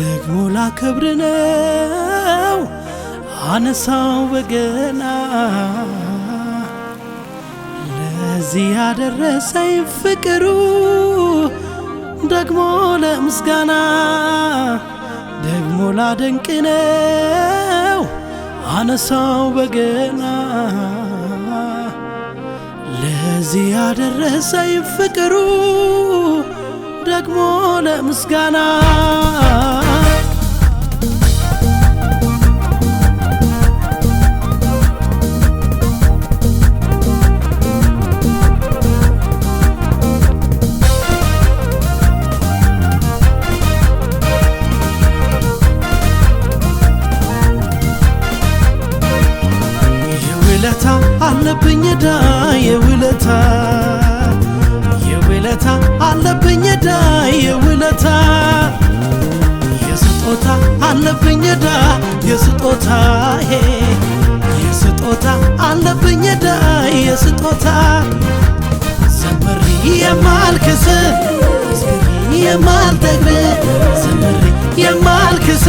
ደግሞ ላከብር ነው አነሳው በገና ለዚህ ያደረሰኝ ፍቅሩ ደግሞ ለምስጋና ደግሞ ላደንቅ ነው አነሳው በገና ለዚህ ያደረሰኝ ፍቅሩ ደግሞ ለምስጋና አለብኝ ዳ የስጦታ የስጦታ አለብኝ ዳ የስጦታ ዘምሬ የማልክስ የማልደግር ዘምሬ የማልክስ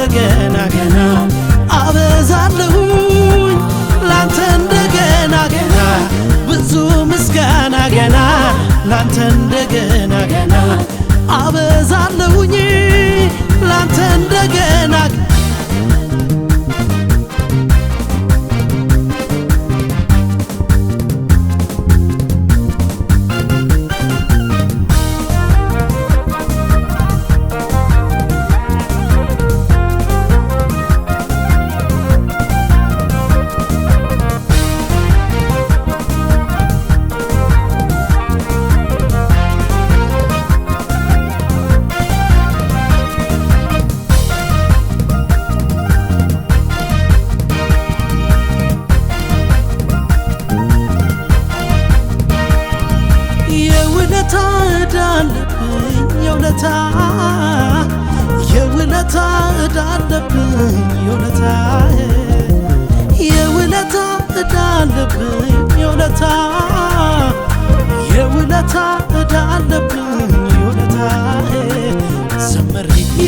እንደገና ገና አበዛለሁኝ ላንተ እንደገና ገና ብዙ ምስጋና ገና ላንተ እንደገና የውለታ የውለታ እዳ አለብኝ የውለታ የውለታ እዳ አለብኝ የውለታ የውለታ እዳ አለብኝ የውለታ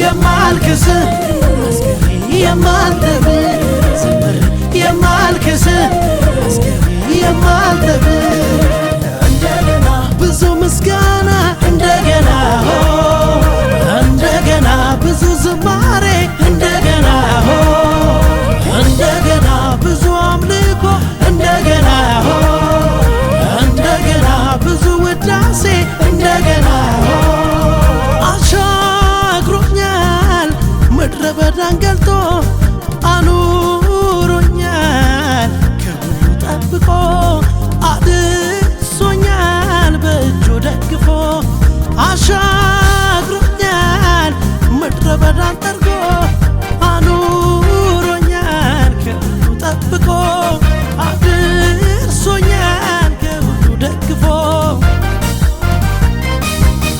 የማልክስ አሻግሮኛል ምድረ በዳን ጠርጎ አኑሮኛል ከሁሉ ጠብቆ አድርሶኛል ከሁሉ ደግፎ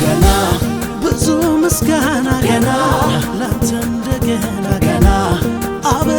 ገና ብዙ ምስጋና ገና ላንተ እንደገና ገና አብ